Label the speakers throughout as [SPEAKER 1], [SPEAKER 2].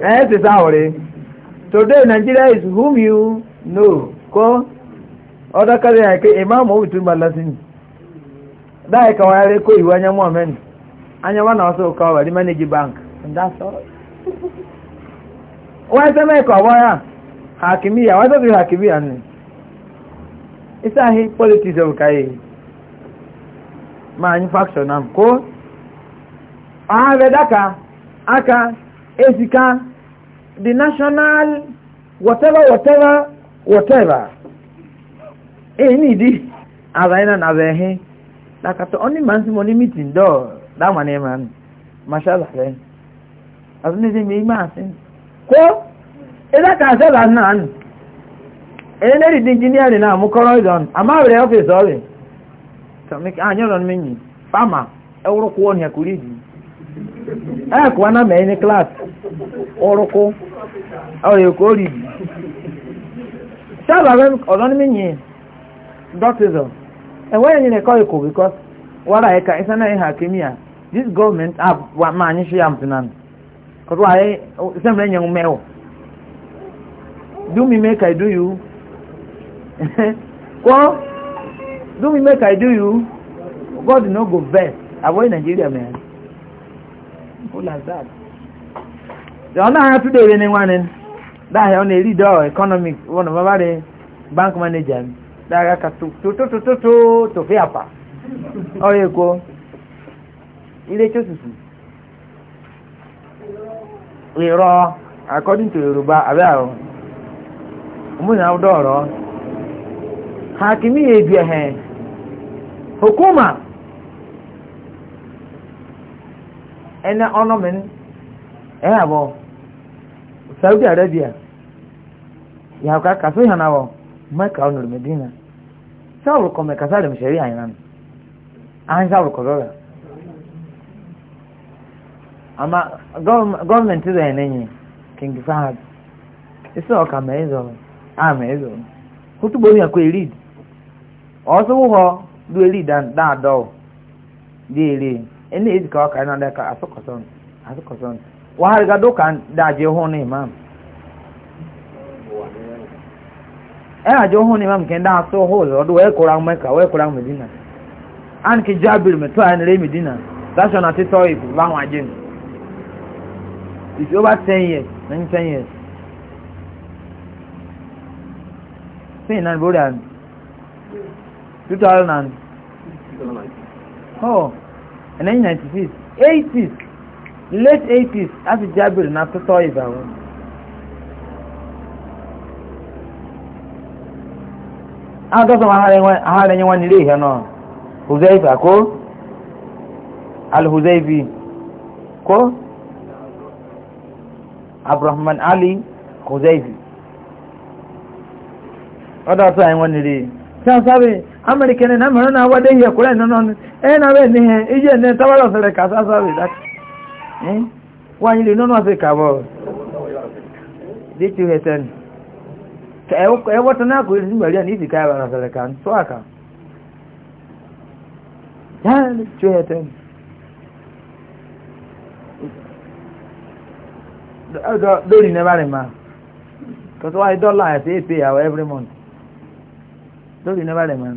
[SPEAKER 1] eh sị sahụrị today nigeria is whom you know ko ọdọ karịa ya ke imam obitu gbalasin daị e ka wayarị ko iwu anya mọmen anya wa na ọsọ ụka wari manage bank and that's all wọ́n ṣe e mẹ́kọ̀ ọ̀wọ́ yá hakimiya wọ́n tọ́bí e hakimiya ni isahi politics of kaye manufacture nam ko ọ̀hán rẹ̀ dáka aka ezika the national whatever whatever whatever ni di azaina na behe lakato oni mansi moni meeting do da mane man mashallah le azuni ze mi ma sin ko ila ka se la nan ene ri engineer na mu koro don ama re office ore to make anyo don mi ni pama euro ko ni akuridi e ko na me ni class ọrụkwụ ọrịka oriri sábà rẹ ọ̀dọ́ ní mìnyìn dọ́tizọ̀ ẹ̀wọ́ nyere kọ́ ikọ̀ wara wọ́n ka ẹ̀sán náà ẹ̀hà kìíní à this government app wà máa ní ṣe do me make i do you kọ́ do me make God no go vex avoid Nigeria man. Who like that? ọ na-agha tụda ere ne nwanne ọ na-eri dọọ ekonomik wọn mabari eh, bank manager dahịa ka tụtụtụtụtụ tụfị apa ọrịa ekwo ile chosusu ịrọ according to abịa ahụ ụmụnna ha kimi ya ebi ehe hukuma ene ọnọmin saudi arabia ya ka kaso ya nawo maka onur medina sawu ko me kasale me sheria ina an ah, sawu ko dora ama government izo enenye king fahad iso ka me izo ah, a me izo hutu bo ya ko elid oso wo du elid dan da do di ele ene izika ka na da ka asokoson asokoson wahari ga duka daje hụ na imam ẹ̀hàjọ hụ na imam kẹ́ndà asọ hóòlù ọdún wẹ́ẹ́ kóra mẹ́ka wẹ́ẹ́ kóra medina an kì jábìrì mẹ́tọ́ ẹ̀ nílé medina sasọ̀nà títọ́ ìkù báwọn ajé nù it's over ten years nine ten years say ìnáni bórí àná two and oh ẹ̀nẹ́yìn late 80s asị jabir na tụtọ ịzawụ agọsọ ahara enye nwanne ihe nọ huzaifi ko al ko abrahman ali huzaifi ọdọ anyị nwanne na mẹrin na ihe na bẹẹ nihe ihe ije ní tawara ọsẹrẹ kàtà wọ́n yìí lè nínú ọ̀sẹ̀ kàbọ̀ dìtì ẹ̀sẹ̀ ẹwọ́ tó náà kò rí nígbàrí ẹ̀ ní ìsìnká ẹ̀rọ àṣẹlẹ̀ kà tó àkà dìtì ẹ̀sẹ̀ lórí never remain because why dollar lórí never remain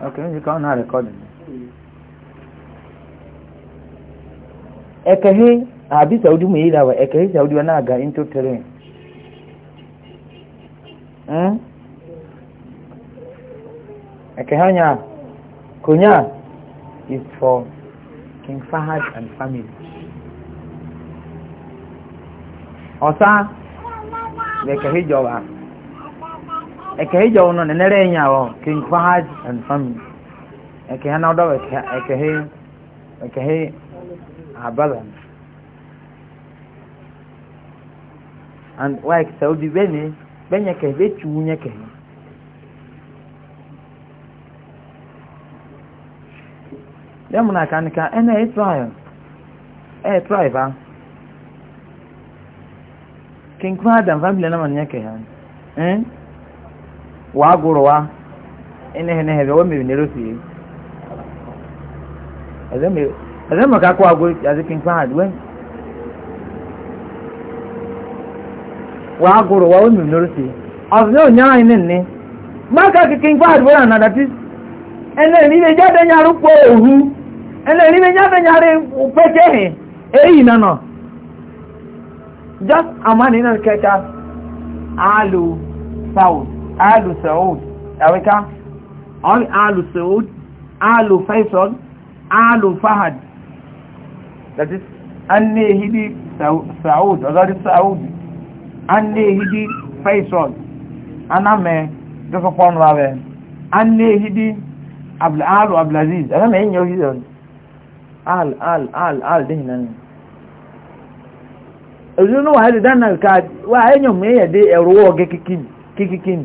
[SPEAKER 1] Okay, you can now record it. Ekehi, abi Saudi mu yi dawa, ekehi Saudi wani aga into terrain. Hmm? Ekehi onya, kunya is for King Fahad and family. Osa, ekehi jọba. eke hijo uno nenere enyawo king hajj and family eke hana odo eke he eke he abadan and wa eke saudi bene benye ke be chuunye ke demuna kanika ene e e king hajj and family na man yake han eh hmm? wa gụrụ wa enehe nehe bịa wemiri eze maka akwa agwụ azi king fahad wen wa gụrụ wa onye anyị nne maka ki king fahad wera na dati ene ni le jade nyaru po e na no just amani na keka alu alu saud ẹ̀wẹ́ká ọ́n alu saud alu faisal alu fahad that is an ne hidi saud ọ̀zọ́dí saud an ne hidi faisal anamẹ́ dọ́sọ̀pọ̀ ọ̀nà rẹ̀ an ne hidi alu abdulaziz anamẹ́ yíyan hidi al al al al dẹ́yìn náà ẹ̀rọ náà wà á lè dáná ká wà me yẹ̀yàn mẹ́yẹ̀ dé ẹ̀rọ wọ́ọ̀gẹ́ kíkín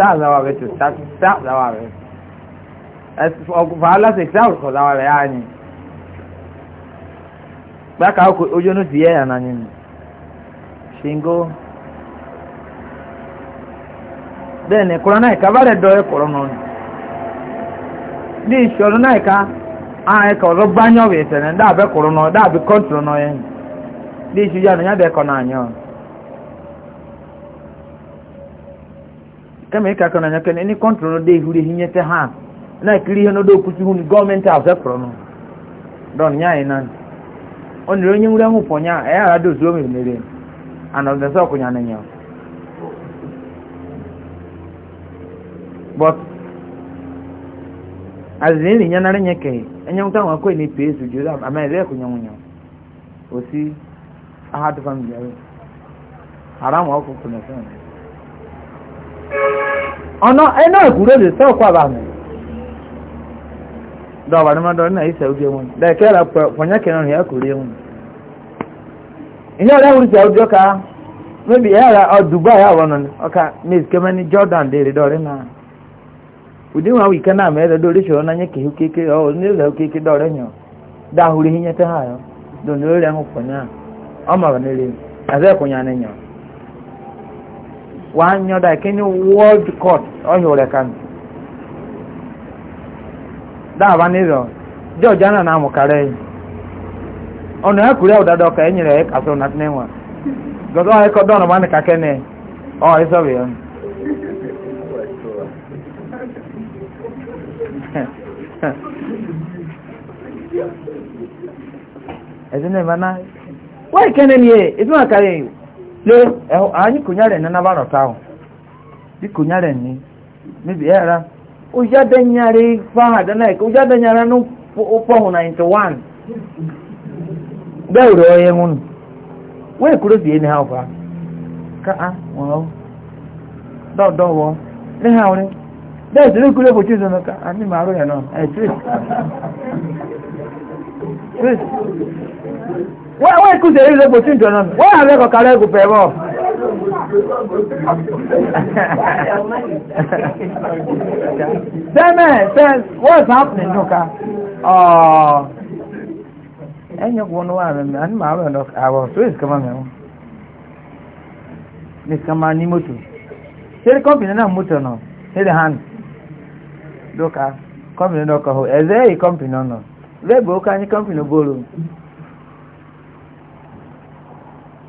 [SPEAKER 1] stars awa be to start stars awa be as for Allah se stars no ya nani shingo then corona ka bare do e corona ni na ka a e ko ro banyo be da be corona da be control no yen ni no ya na kama ịka aka n'anya kene ndị kọntrol dị ehuru ehi nyete ha na-ekiri ihe n'odo okwusi hụ gọọmenti azepụrụ nụ dọn nya anyị nan ọ nere onye nwere nwụpụ nya ya ara dozu o mere anọdụ nsọ ọkwụnya n'anya but azịza ịrị nya narị nye keghị enye nwụta nwa kwe na-epe ezu jụrụ ama ere ekwụnya nwụnya osi ahadụ famili haram ọkụkụ na famili ọ̀nà ẹnà ìkúrò lè sẹ́ ọ̀kọ́ àbàmì dọ̀wà ní mọ́dọ̀ náà ìṣẹ́ ojú ẹ̀wọ̀n dẹ̀kẹ́ rẹ̀ pọ̀nyẹ́ rẹ̀ kò rí ẹ̀wọ̀n ilé ọ̀rẹ́ wùrù ìṣẹ́ ojú ọ̀ka mẹ́bí ẹ̀ rẹ̀ ọ̀dùbọ̀ ẹ̀ àwọn ọ̀ka miss kemeni jordan dèrè dọ̀rẹ́ náà ụdị na mẹ́rẹ̀ dọ̀rẹ́ ṣọ̀rọ̀ náà nyẹ́kẹ̀ kéke ọ̀ nílẹ̀ kéke dọ̀rẹ́ wàá yan dà kí ni world court ọ̀hìn rẹ̀ kan dáàbá nílò george anna náà mọ̀kárẹ́ yìí ọ̀nà ẹ̀kúrẹ́ ọ̀dàdà ọkà ẹ̀yìn rẹ̀ kàṣọ nàtí níwọ̀n gbọ́dọ̀ ẹ̀kọ́ dọ́nà wọn kàkẹ́ ni ọ̀ ẹ̀ sọ̀rọ̀ yẹn. ẹ̀sìn náà ìmọ̀ náà wọ́n ni ẹ̀ ìtumọ̀ kárẹ́ yìí. le eh, anyị kụnyere na nabara taụ dị kụnyere ni mebi era ụja denyere fahad na ike ụja denyere na ụpọhụ onye nwụnụ wee kwuru si enyi ha ka a nwụrụ dọdọwọ ne ha nwere bẹẹ ma ya eh, wọ́n ìkúzẹ̀ ilé gbòsí ìjọ̀nà mi wọ́n àrẹ kọ̀kàrẹ́ ẹ̀kù pẹ̀ bọ́ sẹ́mẹ̀ sẹ́m what's happening nùkà ẹ̀yìn kò wọ́n wà rẹ̀ àní màá rẹ̀ lọ àwọ̀ tó èsì kama mẹ́wọ́n ní kama ní mọ́tò ṣé kọ́mpìnì náà mọ́tò náà ní the hand kọ́mpìnì náà kọ̀ ẹ̀zẹ́ yìí kọ́mpìnì náà nọ ó ká ní kọ́mpìnì bóòlù.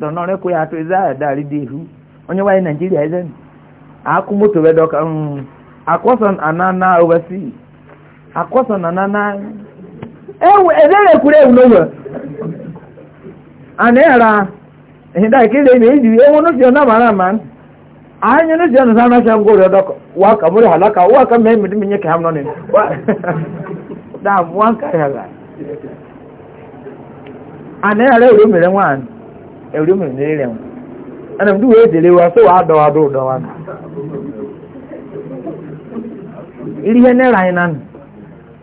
[SPEAKER 1] dọ na ọrụ ekwe ya atụ eze ihu onye nwaanyị naijiria eze akụ moto dọka akwọsọ ana na oversea akwọsọ na na ewu ewu e ana ịghara ewu n'ofe ọ na-amara ama anyị n'ofe ọ na dọka ka mụrụ halaka wa ka ẹ̀rí mi ní rẹ̀ wọn ẹnì mú wéé délé wa sọ wàá dọ̀wà dọ̀ dọ̀wà nù. iri ihe náírà yín nánu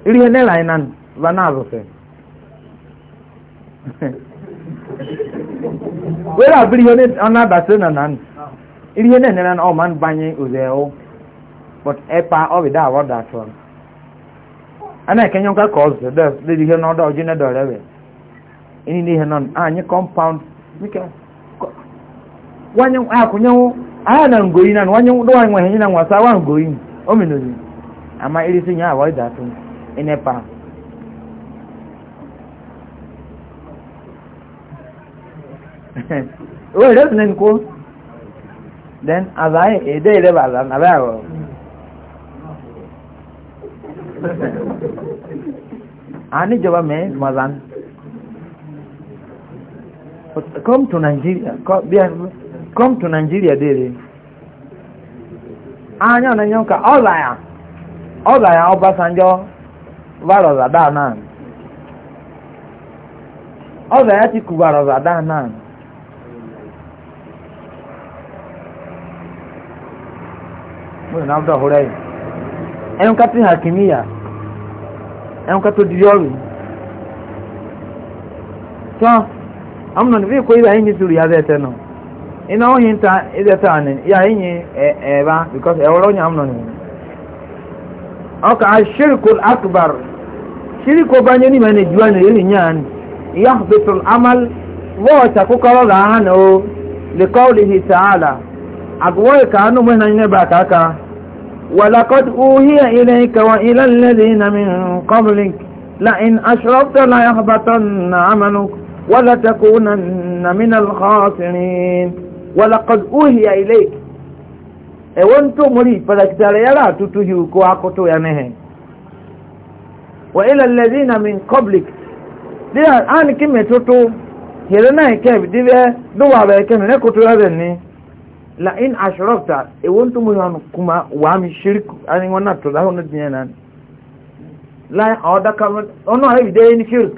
[SPEAKER 1] iri ihe náírà yín nánu va náà zọ wéé
[SPEAKER 2] rà bírí ihe ọ̀nà
[SPEAKER 1] nà nánu iri ihe náírà nánu ọ̀ma ń banye òzè but àwọ̀ dà ana ihe na nọ anyị dịka wanye akụnyenwu aha ah, na ngoyi na wanye ndo wanye nwe henyi na nwasa wa ngoyi o minozi ama irisi nya awa ah, ida tu inepa o ere tun ko then azai ede ere ba la na ba o ani jaba me mazan come to Nigeria come, come to Nigeria dere anya na enyo ka ọla ya ọla ya Ọbasanjọ varọza danan ọla ya Atiku varọza danan mo na abda hore enyo ka ti hakimiya enyo di amnon vi ko ida yin suru ya zete no ina o yin ta ida ta ne ya yin e e ba because e woro nya amnon ni aka ashirku al-akbar shirku banye ni mane juwa ne yin nyan yahbitu al-amal wa ta ku kala la hana o li qawlihi ta'ala agwai ka anu mun ne ba ka ka ولقد أوهي إليك وإلى الذين من قبلك لئن أشرفت ليحبطن عملك ولتكونن من الخاسرين ولقد أوهي إليك ewonto muri falakitare yara tutuhi uko akoto ya nehe wa ila alladhina min qablik dia an kime toto hirena ike bidive duwa ba ike ne koto ya ni la in ashrakta ewonto muri an kuma wa mi shirku ani wana to da hono dinan la odaka ono hebi de ni shirku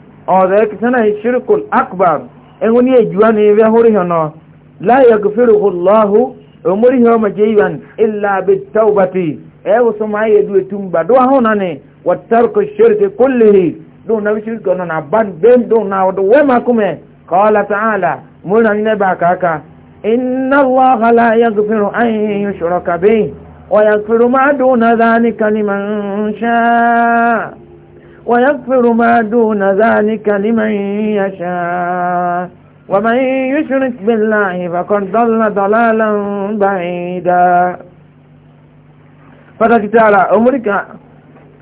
[SPEAKER 1] ọ̀rẹ́ kìtánà ìṣirikul akbar ẹ̀hún ní èjúwá ní ẹ̀rẹ́ hóríhàn náà láyé gùfẹ́rù hùlọ́hù òmúríhàn ọmọ jẹ́yàn ìlàbí taubati ẹ̀hún sọ máa yẹ̀dú ètùm gbàdọ́ ahọ́n náà ni wàtàrkù ṣirikì kúlìhì lóun náà ṣirikì ọ̀nà náà bá bẹ́ẹ̀ dùn náà ọdún wọ́n máa kúmẹ̀ kọ́ọ́lá ويغفر ما دون ذلك لمن يشاء ومن يشرك بالله فقد ضل ضلالا بعيدا فتكتالا أمرك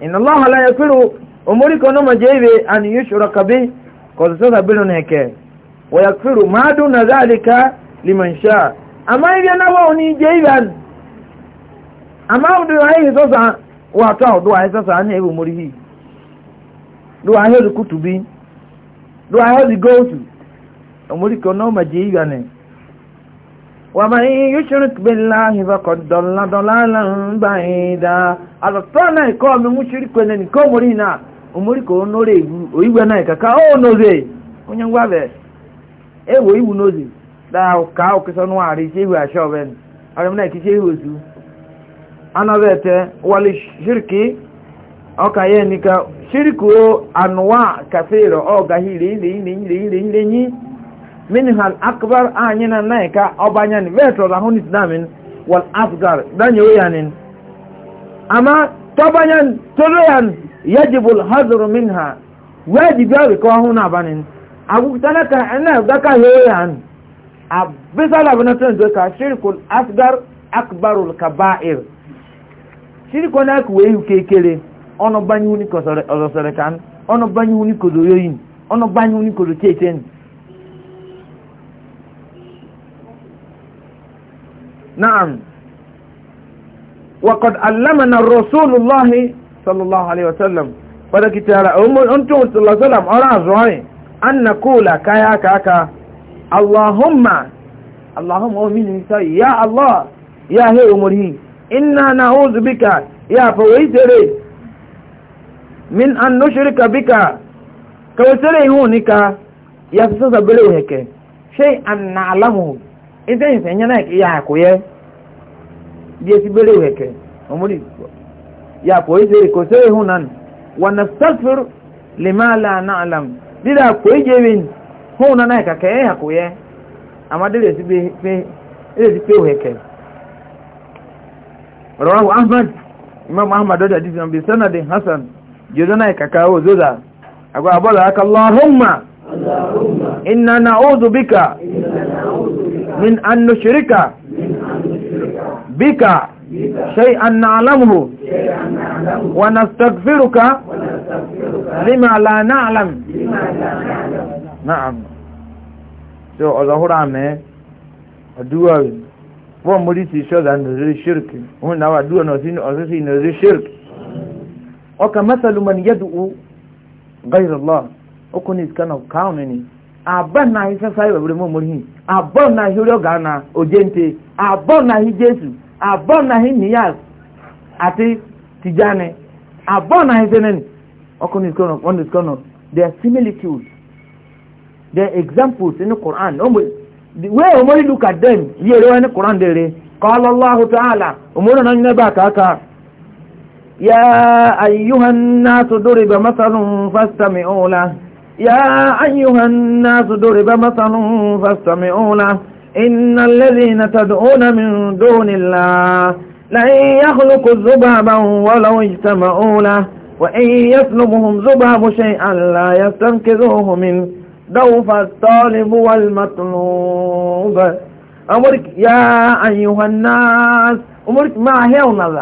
[SPEAKER 1] إن الله لا يغفر أمرك نما جيبي أن يشرك به قد ستبلن هيك ويغفر ما دون ذلك لمن شاء أما إذا نواني جيبا أما أدعي سوسا وأتعود وأتعود أن يبو مريه do I hear the kutubi? Do I hear the go to? Omuriko no maji yane. ومن يشرك بالله فقد ضل ضلالا بعيدا alọtọọna ikọ mi mú ṣíríkọ ẹni nìkan mórí náà omórìkọ na ìwú òyìnbó náà ìkàkà ó nóze onye ngwa ka ọka ya nika shirku anwa kafiro ọ gahiri ile ile ile ile ile nyi minhal akbar anyị na naika ọbanyan vetro ahun islamin wal asgar danye oyanin ama tọbanyan toroyan yajibul hazuru minha wajibi abikọ ahụ na abanin agwụtana ka ina gaka yoyan abisala bụ na tuntun ka shirkul asgar akbarul kaba'ir shirku na kuwe ukekere ọnụ banye uni ọzọsọrọ ka ọnụ banye uni kodo yoyin ọnụ banye uni kodo chechen na'am وقد علمنا الرسول الله صلى الله عليه وسلم فذلك تعالى أنتم صلى الله عليه وسلم أرى زعين أن نقول كايا كاكا اللهم اللهم أمين يا الله يا هي أمره إنا نعوذ بك يا فويتري min an nushrika bika kawasere ihu nika ya su sasa bere heke shai an na alamu ita yin sanya na ya akoye ya esi bere heke omuri ya akoye sere kawasere ihu nan wa nastafir lima la na alam dida akoye jebin hu na na ka ya akoye amma dida esi be heke sanadin جدنا كاكاو زودا أقول أبولك اللهم إنا نعوذ بك من أن نشرك
[SPEAKER 2] بك شيئا نعلمه ونستغفرك
[SPEAKER 1] لما لا نعلم نعم so ọ̀zọ̀húra mẹ́ àdúwà wọ́n mú rí ti ṣọ́dá nìrí ṣírkì wọ́n náwà àdúwà náà sí ọ̀sọ́sí nìrí ṣírkì oka masalu man yad'u ghayra Allah okuni kana kaunini abon na isa sai babu mu murhi abon na hiro na ojente abon na hi Jesu abon na hi niyas ati tijane abon na ni hisenen okuni kana one is kana their similitudes are examples in the Quran the way omori look at them yere wani Quran dere qala Allah ta'ala umurna nan ne ba ka ka يا أيها الناس ضرب مثل فاستمعوا له يا أيها الناس ضرب مثل فاستمعوا له إن الذين تدعون من دون الله لن يخلقوا ذبابا ولو اجتمعوا له وإن يسلبهم ذباب شيئا لا يستنقذوه من دوف الطالب والمطلوب أمرك يا أيها الناس أمرك ما هي ونظر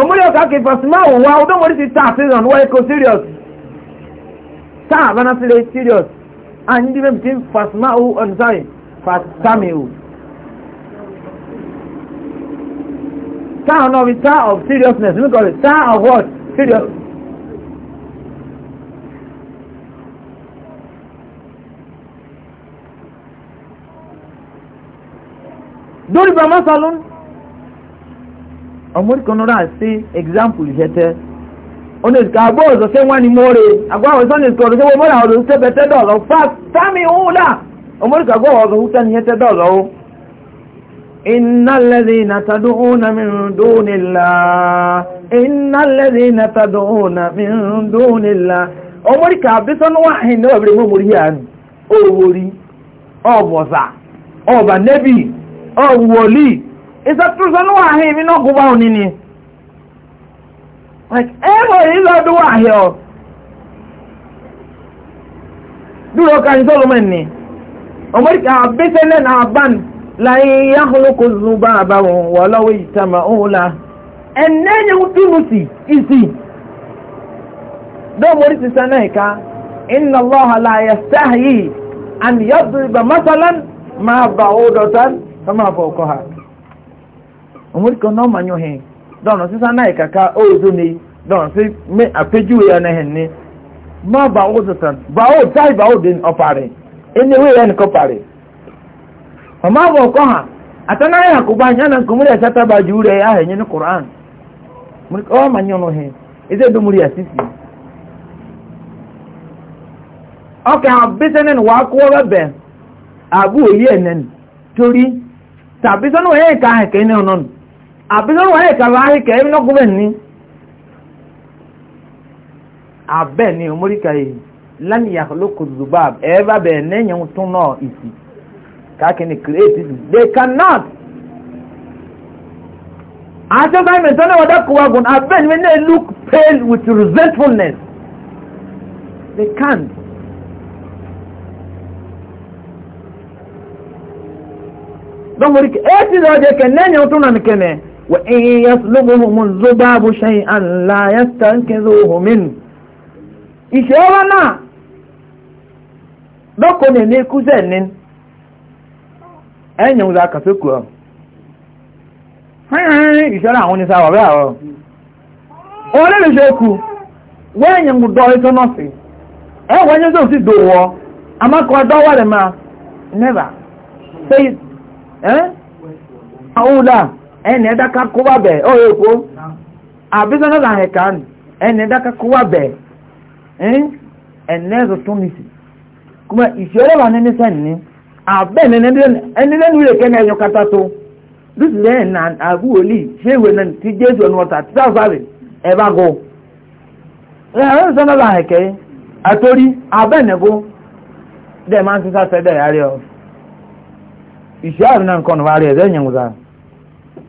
[SPEAKER 1] omori ọka ke fasima ụwa udomori si taa season wọ eko serious taa bana sile serious and ndị mebe tin fasima u on sorry fasami u taa ọnọ bi taa of seriousness we call it taa of what serious dori brahma ọmọdékanná rà sí example yẹtẹ onídìkà àgbọ̀ ọ̀sọ̀ ṣé wọ́n ni mo rè àgbọ̀ àwọn ìsọ́nì ìsọ̀ ọ̀dọ̀ ṣé wọ́n mọ́ra ọ̀dọ̀ ṣé bẹ̀tẹ̀ dọ̀lọ́ fà sámi húlà ọ̀sọ̀ ni yẹtẹ dọ̀lọ́ o. iná lẹ́dí nàtàdó ònà mi ń dóni la iná lẹ́dí nàtàdó ònà mi ń dóni la ọmọdékà àbísọ́nù wà hìn ní ọ̀bẹ̀rẹ̀ mọ́ mórí yàrá òwòrí ọ̀bọ̀sà ọ̀bà nẹ́bì ọ̀wọ̀lì ìsọtúnṣọ ní wàá náà gbogbo àwọn nínú ẹ mọ̀ lọ́dún wàá hìn ọ́ dúró kan solomon ni ọmọdé àbẹ́sẹ̀lẹ̀ náà bán láyé yáhùlùkù zùbá àbáwọn wọ́n lọ́wọ́ ìtàmà ma ọ hụla ìsì dọ́mọdé ti ìka iná lọ́hà láyé sáàyè àníyàn ha. omori kan náà manyọ hẹn dọ́nà sísá náà kàkà óòzó ni dọ́nà sí mé àpéjúwe yẹn náà hẹn ni má bà ó sọ̀tàn bà ó táì bà ó dín ọ̀pàrẹ̀ ẹni ewé yẹn kọ́ parẹ̀ ọmọ àbọ̀ ọkọ hàn àtànáyà àkùbá yẹn náà kòmúrì ẹ̀sẹ̀ tábà jù rẹ̀ ahẹ̀yẹ ní koran ọ manyọ nọ hẹn ẹsẹ̀ domori àsìsì ọkà àbísẹ́ni wàá kó ọlọ́bẹ̀ àbúrò yẹn nẹ́ni torí tàbí sọ́nù ẹ̀ka ẹ̀kẹ́ náà nọ́nù àbílọ́rọ̀ wáyé ìkàrà àríkẹ̀ ẹ̀mí lọ́gúnmẹ̀ ní abẹ́ ni omorika yìí lánìyà lóko zubab ẹ̀ẹ́bà bẹ̀ẹ̀ lẹ́yìn tún náà ìsì káàkiri create they cannot àti ọba ìmẹ̀ sọ́nà wọ́dá kó wagun abẹ́ ni they look pale with resentfulness they can't. dọ́mọ̀rí kẹ́ lọ́jọ́ kẹ́ lẹ́yìn tún náà nìkẹ́ mẹ́. وإن يسلبهم الذباب شيئا لا يستنكذوه منه iṣẹ́ wa náà lọ́kọ̀ ní ní ikú zẹ̀ ní ẹ̀yìn òun àkàfẹ́ kù ọ́ ìṣẹ́ra àwọn oníṣà wà bẹ́ẹ̀ ọ́ òun lè ṣe kù wẹ́ẹ̀yìn òun dọ́ ètò náà sí ẹ̀wọ̀ ẹ̀yìn tó sì dòwọ́ amákọ̀ ọdọ́ wà lè máa never say ẹ́ àwùlà ẹni ẹ̀dá ká kó wà bẹ̀ ọ̀rọ̀ èkó àbísọ́nà là ẹ̀ka nù ẹni ẹ̀dá ká kó wà bẹ̀ ẹni ẹ̀sọ̀ tún mi sí kuma ìṣòro wà ní nísẹ̀ni ní àbẹ́ ẹni lẹ́nu rẹ̀ kẹ́ ní ẹ̀yọ kata tó lùsì lẹ́yìn náà àbú wòlíì ṣé ìwé náà ti jésù ọ̀nà ọ̀tà tí sáà ẹ̀ bá gọ ẹ̀rọ là ń ẹ̀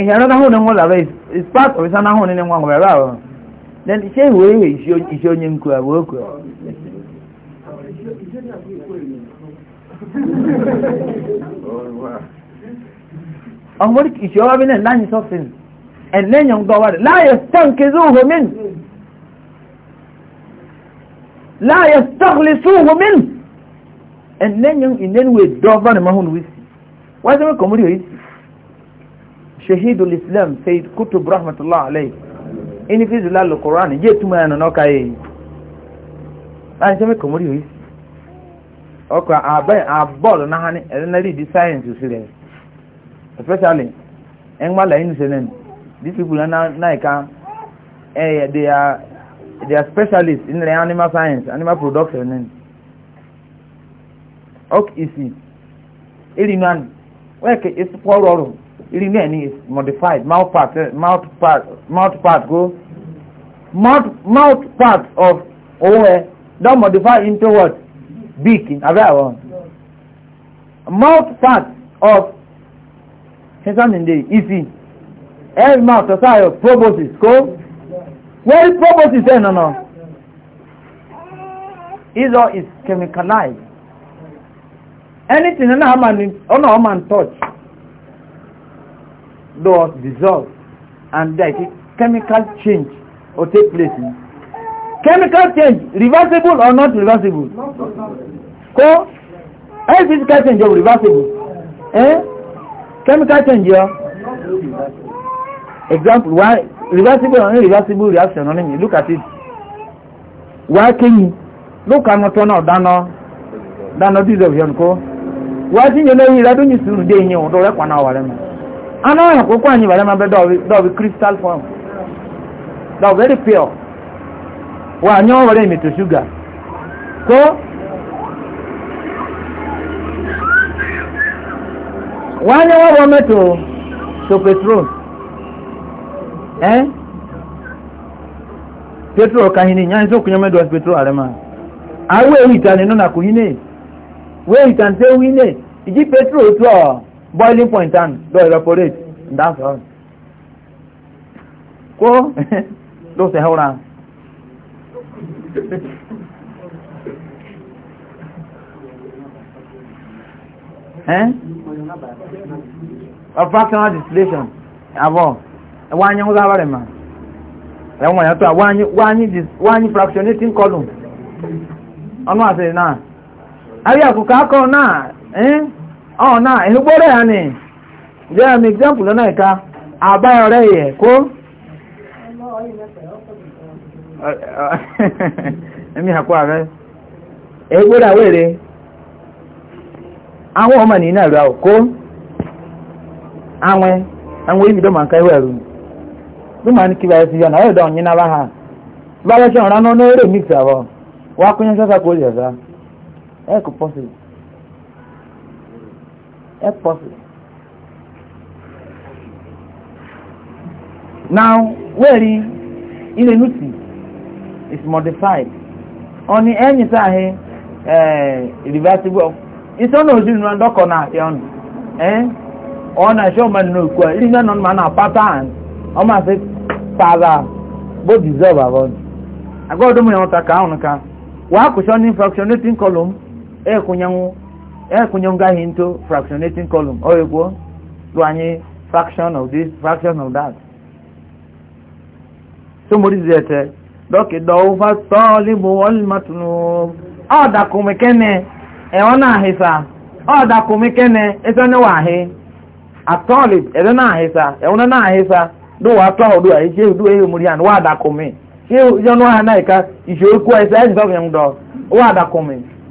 [SPEAKER 1] ìhẹ̀rọ náà hùn làbẹ́ is part of ìsáná hùn ní wọn ọ̀rẹ́ rà wọn then iṣẹ́ ìwé ìwé iṣẹ́ onye nkú àbò òkú ẹ̀. ọmọdé iṣẹ́ ọwọ́ bí náà láyé sọ́fìn ẹ̀ lẹ́yìn ọgbà wà rẹ̀ láyé stọ́n kìí hùmín láyé stọ́kìlì sùn hùmín ẹ̀ lẹ́yìn ìnẹ́nuwé dọ́gbọ́n ni mo hùn wí sí شهيد الإسلام سيد كتب رحمة الله عليه إني في زلال القرآن جئت ما أنا نوكاي أنا سمعك مريو يس أوكا أبين أبول نهاني أنا لي دي ساينس يسير especially أنما لا ينسين these people are naika eh they are they are specialists in the animal science animal production okay isi ili nan weke isi kwa rọrùn irin náà ni modified mouth part eh, mouth part mouth part go mouth mouth part of owó ẹ don modify into what beak abẹ́ àwọn mouth part of sísánìndé easy. every mouth ọ̀sá ayọ̀ proboscis go. wẹ́rí proboscis ẹ̀ nọ̀nà isor is chemicalized anything ọ̀nà ọ̀ma touch does dissolve and that chemical change will take place. Chemical change, reversible or not reversible? So, any physical change is reversible. Eh? Chemical change, yeah? Example, why reversible or irreversible reaction? Look at it. Why can you? Look at not turn out, Dano. Dano, this is a Why can you know you don't use to do it? Don't let one hour. anaghị akwụkwọ anyị bara mabe dọbi kristal form dọ very pure wa anyị ọ were emeto sugar so wa anyị ọ were meto to petrol eh petrol ka hini nyanyi so kunyo medo petrol arema awe itani nuna kuhine we itani se wine iji petrol to boiling point and do evaporate that's all ko do se haura eh a fractional distillation abo wanye ngza bare ma e won ya to wanye wanye dis wanye fractionating column onu ase na ari akuka ko na eh ọ oh, na ehugboro ya ni jẹ́ àmì example lọ́nà ìka àbáyọ̀ rẹ̀ yẹ̀ kó ẹmí àkó ààrẹ ehugboro àwẹ̀rẹ̀ àwọn ọmọ nìyí náà rà kó àwọn àwọn ibi dọ́mà nǹkan ẹwẹ̀ rú ní ní pọ́sìlì if possible. Now, where Ilenuti is modified. On the end is a reversible. It's on those in Randoko now, Yon. Eh? On a showman no qua. It is not on man a pattern. On my father, both deserve our I got them in Otaka. Wa kushon in column, eh, a ekụnyongaghị eh, into fractionating column ọ ekwuo lụ anyị fraction of this fraction of that somebody dọkịta ụfa tọọlị bụ ọlmatụnụ ọ na-ahịsa ọ dakụmikene ahị atọọlị ebe na-ahịsa na-ahịsa dụwa a na ihe na-eka ihe okwu a ịsa ndọ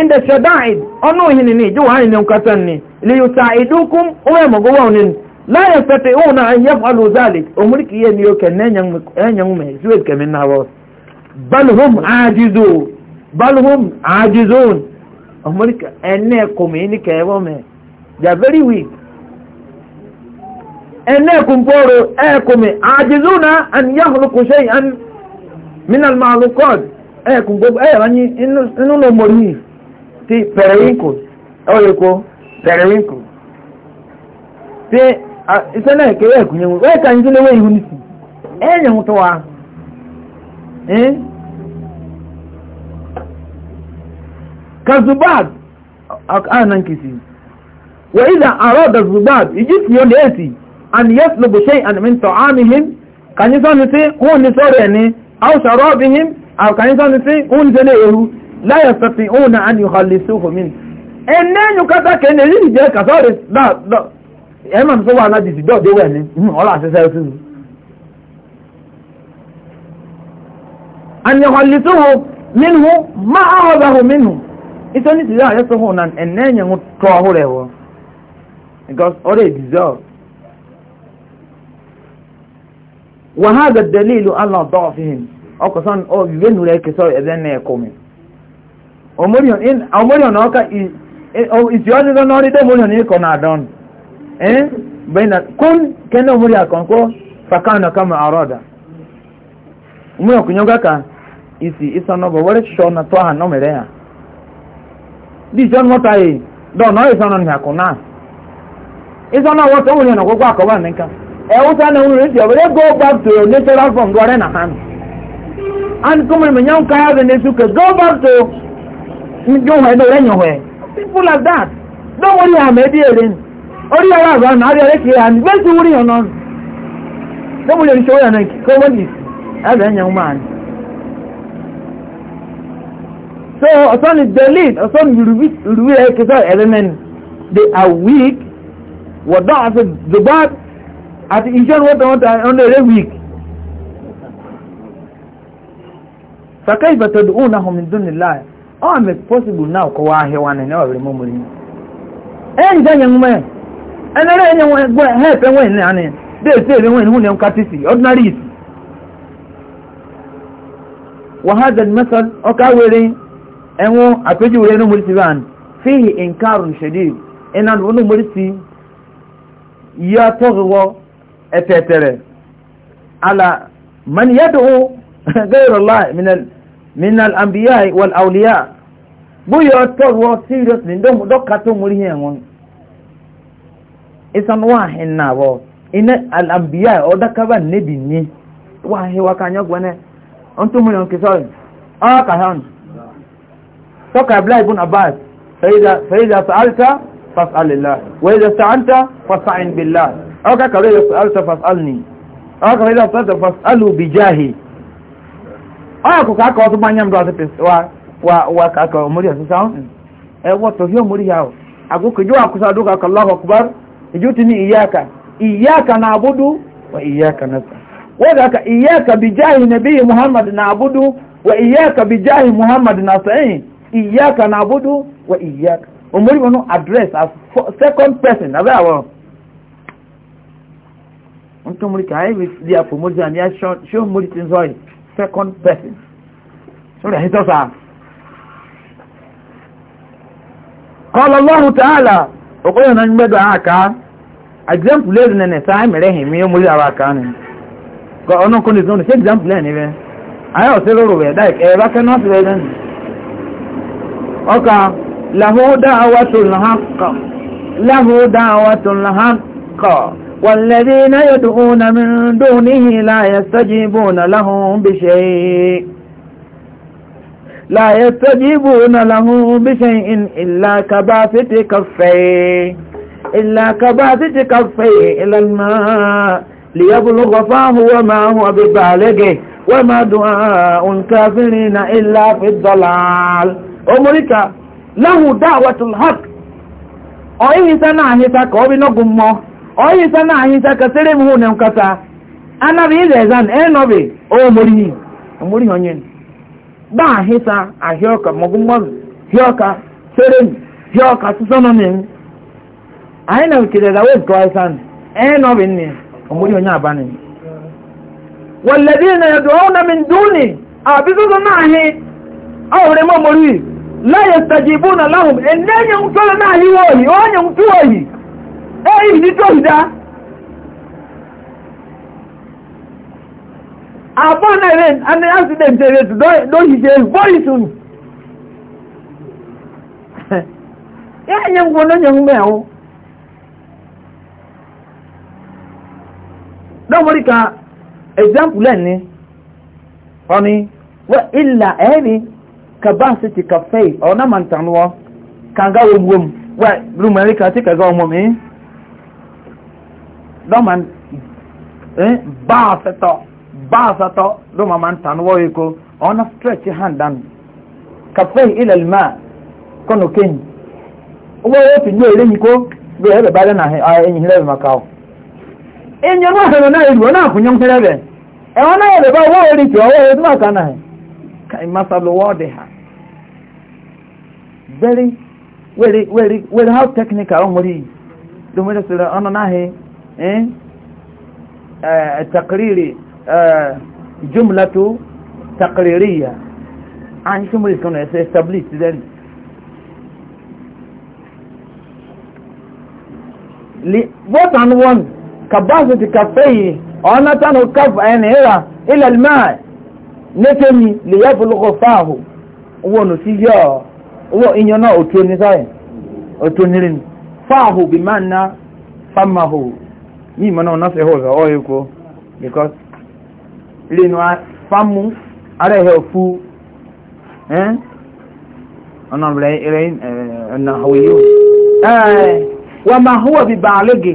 [SPEAKER 1] inda shada'id onu hini ni ju hani ni li yusaidukum uwe mogowa unin la yastati'una an yaf'alu zalik umriki ye niyo ken me zuwed kemen na bal hum ajizu bal hum ajizun kumini me they are very weak enne kumporo e kumi ajizuna an yakhluqu shay'an e e inu no ti periwinkles oyeko periwinkles ti iṣẹ́ náà kéré ẹ̀kúnyẹ́ wọn wẹ́ẹ̀ka ní sílé wẹ́ẹ̀ ihu nìsí ẹ̀yẹ̀ ń tọ́ wa kazubad ọ̀kánà nkìsì wọ́n ìdá àrọ́ dazubad ìjì sí olè èsì and yes lobo ṣe ànàmìntọ̀ àmìhìn kàníṣọ́ ni sí wọ́n ní sọ́rọ̀ ẹ̀ ní àwùsàrọ̀ ọ̀bìhìn àkàníṣọ́ ni sí wọ́n ní sẹ́lẹ̀ ehu láyọ̀ sọ́tì òun náà ni na sófò mí ẹ̀nà ẹ̀yùn kátàkì ẹ̀nà èyí ìjẹ́ kàtọ́rì ẹ̀mà tó wà láti ìdíjọ́ òde wẹ̀ ní ọ̀rọ̀ àṣẹṣẹ́ sí i. àyẹ̀hálẹ̀ sófò mínú máa ọ̀dàhù mínú ìtọ́ ní ti yára sófò náà ẹ̀nà ẹ̀yìn tọ́ ọ̀hún rẹ̀ wọ̀ because ọ̀rẹ́ ìdíjọ́ wàhálà dẹ̀lílù ke ọ̀dọ́ ọ̀fihìn ọkọ̀ sọ́nù komi omorion ọka e, isi ọdịdọ n'ọrụ ide omorion ịkọ na adọn e, kun kene omori akọnkọ fakana kama aroda omori ọkụnyọga ka isi isọnọbọ were shọ na tụọ ha nomere ya. dị isi nwata yi dọ na ọyịsọ nọ n'akụ na isọ na ọwọsọ e, omori na ọgwụgwọ akọba nka ẹwụsa na nwere isi ọbụla go back to natural form dụọrọ na ha and kọmọrọ menyanwụ kaya dị n'esu ka go back to níjọ́wọ́ ẹ̀dọ́ that don't worry am ẹ̀dí èrè ni orí ara àgbà ọ̀nà àbí ọ̀rẹ́ kìí àmì bẹ́ẹ̀ don't worry ṣòwò yàn náà kò wọ́n yìí ẹ̀dọ̀ ẹ̀yàn máa ni. so ọ̀sán ni delete ọ̀sán ni rúbí ẹ̀ kìsọ̀ ẹ̀rẹ́ they are weak wọ̀dọ́ àti dubat àti iṣẹ́ wọ́n tọ́ wọ́n tọ́ ọ̀nà èrè weak. فكيف تدعونهم من دون الله ọ mee possible na ọkọwa ahịa nwanne na ọrịa mmụrụ enyi ga enye nwe enere enye nwe gwe ha epe nne anị deeti ebe nwe nwunye nkatị si ọdịnarị isi وهذا المثل أكاوري أنو أبجي ورينو مرسيبان فيه إنكار شديد إن أنو مرسي يتغوى أتتري على من ala غير الله من ال... min al-anbiya wal awliya buyo torwo serious ni ndo do kato muri hen won isan wa hen na bo ina al-anbiya o da kaba nabi ni wa he wa kanya gwane onto muri on kiso a ka han to ka bla ibn abbas fa idha fa idha sa'alta wa idha sta'anta fas'in billah aw ka ka idha sa'alta fas'alni aw ka idha sa'alta fas'alu bijahi ọyọ kò káàkọ ọtún bá yẹn mú wa wa wa káàkọ ọmọdé ọtún sáwọn ẹ wọ tọhí ọmọdé yà ó àgókò ìjọ àkóso àdókò àkọlọ ọkùnbá ìjọ ti ní ìyáàkà ìyáàkà náà abudu wa ìyáàkà náà sà wọ́n dàkà ìyáàkà bí jáhì nàbí muhammad náà abudu wa ìyáàkà bí jáhì muhammad náà sẹ́yìn ìyáàkà náà abudu wa ìyáàkà ọmọdé wọn address as second person abẹ́ àwọn ntọ́mọdé kà áyẹ̀ bí di àpò mọ́dé àníyá ṣé ń sọ second person so that he does have قال الله تعالى وقال أن نجمد عاكا example لازم أن نساهم إليهم يوم ولي عاكا قال أنا كنت زون شيء example لأني بي أنا أصير روبي دايك إيه بك الناس بيدن أوكا له دعوة الحق له دعوة الحق والذين يدعون من دونه لا يستجيبون لهم بشيء لا يستجيبون لهم بشيء إلا كباسط كفيه إلا كباسط كفيه إلى الماء ليبلغ فاه وما هو ببالغه وما دعاء الكافرين إلا في الضلال أمريكا له دعوة الحق أي سنة هتاك وبنقمه oyi sana na ta ka sere hụ na nkata anabi ile zan enobi o mori mori onye ba ahịọka ahioka mogumbo hioka sere hioka susono ne ayi na kire da wo to san ne omori onye abani walladina yad'una min duni abizu sana ni awre mo e na onye èyí ní tó ìdá àbọ́n ẹ̀rẹ́ ní accident rẹ̀ tó lóṣìṣẹ́ very soon yẹ́nyẹ́ ń gbọ́n lóyẹ̀ ń mẹ́wọ́ lọ́mọ́ríkà example ẹni ọni wọ́n ilà ẹni kabasiti cafe ọ̀nà màntànúwọ́ kàngáwọ́mwọ́m wọ́n rúmọ̀ríkà tí kàngáwọ́mwọ́m yìí dọ́mà eh, báàsẹ̀tọ̀ báàsẹ̀tọ̀ dọ́mà máa ń tàn wọ́ eko ọ̀nà stretch hand down kàfẹ́ ilẹ̀ máa kọ́nù kéyìn owó ẹ̀rọ fi ní èrè yìí kó bí ẹ̀rọ bá dẹ́nà ẹ̀yìn lẹ́bẹ̀ maka ọ̀ ẹ̀yìn ọmọ ọ̀sẹ̀ náà ìlú ọ̀nà àkúnyẹ́ ń fẹ́rẹ̀ ẹ̀wọ̀n náà yẹ̀rẹ̀ bá owó orí tí ọwọ́ ẹ̀rọ tó máa kánà ẹ̀ kàì máa sọ lọ́wọ́ ọ̀dẹ̀ ha very very very very how technical ọmọ rí domin sọ̀rọ̀ ọ̀nà náà تقريري جملة تقريرية عن شو مريض كونه يستبليس ذلك both and one capacity كفيه أنا تانو كف أن هي إلى الماء نتمي ليبلغ فاه ونسيا وإننا أتوني ذلك أتوني فاه بمعنى فمه yìí mọ́ náà nọ́sẹ̀ hó ọ̀zọ̀ ọ̀hẹ́ kó because lẹ́nu fámú ara ẹ̀hẹ́ òfú ọ̀nà rẹ̀ eh, ọ̀nà àwẹ̀ yóò wọ́n máa hó ọ̀bì bá àlógè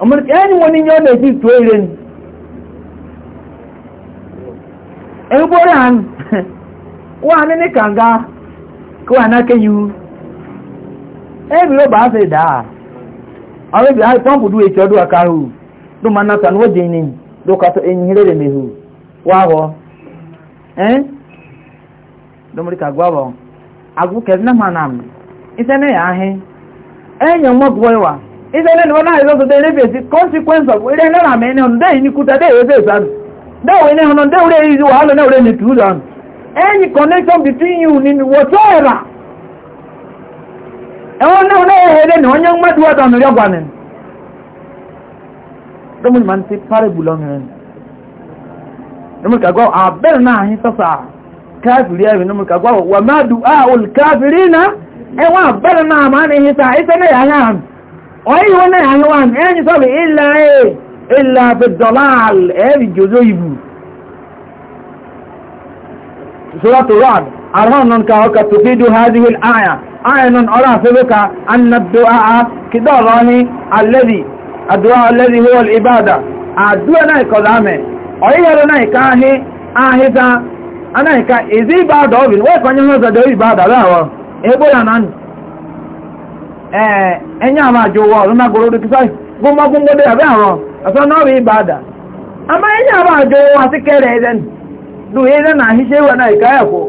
[SPEAKER 1] ọmọ ẹni wọn ni yọ́ lè fi tó ire ni ẹ̀rú bọ́rẹ̀ hàn wọ́n á ní ní kànga kí wọ́n á ná kéyìí ẹ̀rú àwọn ibi àì pọ́ǹpù dúró ètò ọdún àkàrà hù ló máa náà tàn wọ́n jẹ́ ìní ló kàtọ́ ẹ̀yìn hílẹ̀rẹ̀ mẹ́hù wá wọ́ ẹ́n lọ́mọdéka gbọ́bọ̀ àgùkẹ́rì náà ndị nà mí iṣẹ́ náà yà á hẹ́ ẹ̀yìn ọmọ gbọ́ ẹ̀wà ndị náà ni wọ́n náà yẹ lọ́sọ̀tẹ̀ eré fèsì ndị of eré náà mẹ́ni ọ̀nà dẹ́yìn ewe na ona ehere na onye mmadụ ọdọ nri ọgwanị domini ma ntị parable ọnụrị nomika gwa abel na ahị sọsa kafiri na arhanan ka ka tufidu hadhihi al-aya ayanan ara sabuka anna ad-du'a kidarahi alladhi ad-du'a alladhi huwa al-ibada adua na ikolame oyero na ikahi ahiza anaika izi ibada obi we konyo no zado ibada lawo ebo ya nan eh enya ma jowo runa goro de kisai gumo gumo de abi aro aso no bi ibada ama enya ma jowo asikere eden du eden na hise wa na ikaya ko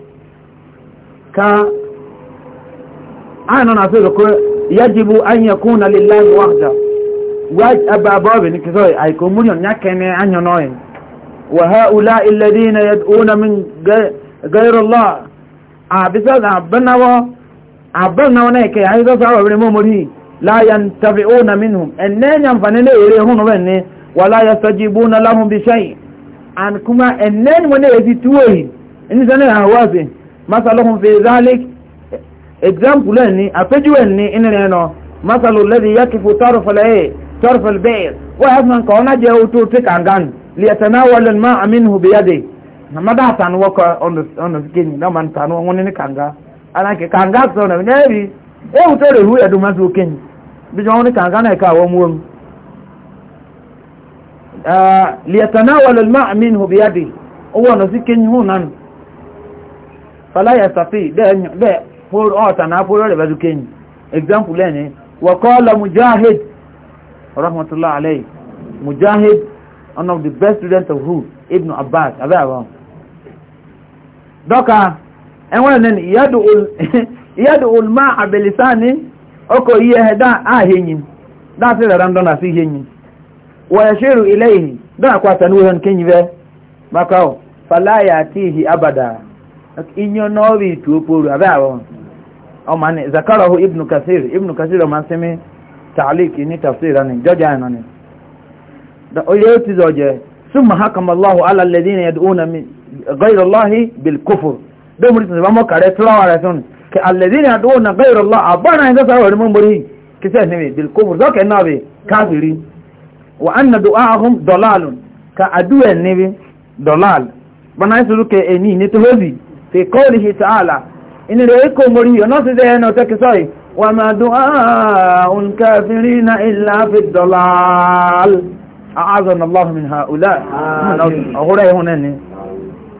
[SPEAKER 1] ka ana na so ko yajibu an yakuna lillahi wahda وأبابابن كذوي أي كوموليون نكني عنه نوين وهؤلاء الذين يدعون من غير الله عبسات عبنا و عبنا ونيك عيسى صعب ابن مومري لا ينتفعون منهم انين ينفنين يريهون بني ولا يستجيبون لهم بشيء أنكما انين من يزيتوين إنسان هوازين masalahun fi zalik example ẹ̀ ní àpéjú ẹ̀ ní inú rẹ̀ nọ masalu lẹ́dí yakifu tọrọfẹlẹ ẹ̀ tọrọfẹlẹ bẹ́ẹ̀ wọ́n yà fún kàn ọ́nà jẹ́ otu ti kàngán lìyàtẹ̀nà wọlé ma amínú hùbíyàdé nàmàdà àtànù wọkọ ọ̀nà síkè ní nàmà ntànù wọn ní kàngá aláǹkì kàngá sọ nà ní ẹ̀rí ewu tó rè hu ẹ̀dùnmá sí òkè ní bí wọ́n ní kàngá náà ẹ̀ka àwọn ọmọ wọn. lìyàtẹ̀nà wọlé ma amínú hùbíyàdé owó ọ̀nà síkè ní hù nánu fàlàyé sàfì bẹ́ẹ̀ ọ̀tànà fóró rẹ̀ bẹ́ẹ̀ kéyìn example lẹ́ni wọ̀kọ́ọ̀lọ̀ mujahid rahmatullahi alayhi mujahid one of the best students of who ibn abbas abẹ́ àwọn dọ́ka ẹwọ́n ní ìyádù ulma àbẹ̀lìsáni ọkọ̀ iye ẹ̀dá àhẹ́yìn dáàtí rẹ̀ rándọ́nà sí ìhẹ́yìn wọ̀yẹ̀ ṣèrù ilẹ̀ ìhì dáàkwà tẹ̀lú ẹ̀hẹ́n kíyìn bẹ́ bákọ́ fàlàyé àti abàdà inyo novi tu poru abe awon o man zakarahu ibn kathir ibn kathir man semi ta'liq ni tafsir ni joja ni da o yoti zoje summa hakama allah ala alladhina yad'una min ghayra allah bil kufr do muri tun ba mo kare tulawa ra sun ke alladhina yad'una ghayra allah abana inda sawari mun buri kisa ne bil kufr zoke nabi kafiri wa anna du'ahum dalalun ka aduwa ne bi dalal bana su ruke eni ne to في قوله تعالى إن رأيكم مريو نصد أنه تكسوي وما دعاء الكافرين إلا في الضلال أعاذنا الله من هؤلاء أغرأي هنا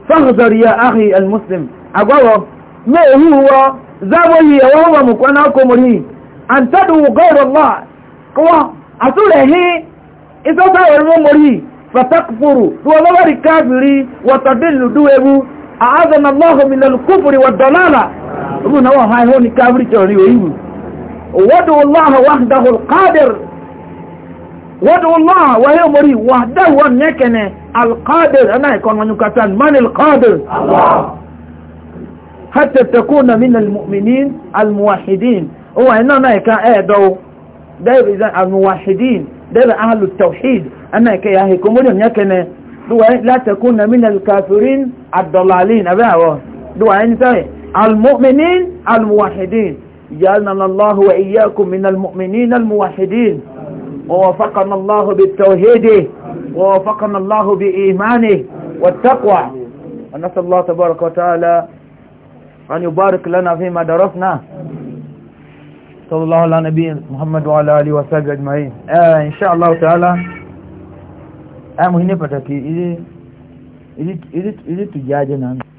[SPEAKER 1] فاغذر يا أخي المسلم أقوله ما هو زاوي وهو مكوناكم مريو أن تدعو غير الله قوة أصوله إذا سأرمو مريو fatakfuru duwa lawari kafiri watadillu duwebu أعاذنا الله من الكفر والضلالة أقول أبونا هاي هوني كافر ترني ويهو ودعو الله وحده القادر ودعو الله وهي مري وحده ونكنه القادر أنا يكون من يكتان من القادر الله حتى تكون من المؤمنين الموحدين هو هنا أنا يكون أدو دائب إذا الموحدين دائب أهل التوحيد أنا يكون يهيكم وليم duwaye لا تكون من الكافرين الضلالين dalalin abawo duwaye ni جعلنا الله وإياكم من المؤمنين الموحدين ووفقنا الله بالتوحيد ووفقنا الله بإيمانه والتقوى ونسأل الله تبارك وتعالى أن يبارك لنا فيما درسنا صلى الله على نبينا محمد وعلى آله وصحبه أجمعين إن شاء الله تعالى àmọ́ iná pàtàkì ilé ilé ilé tùjá jẹ́ náà.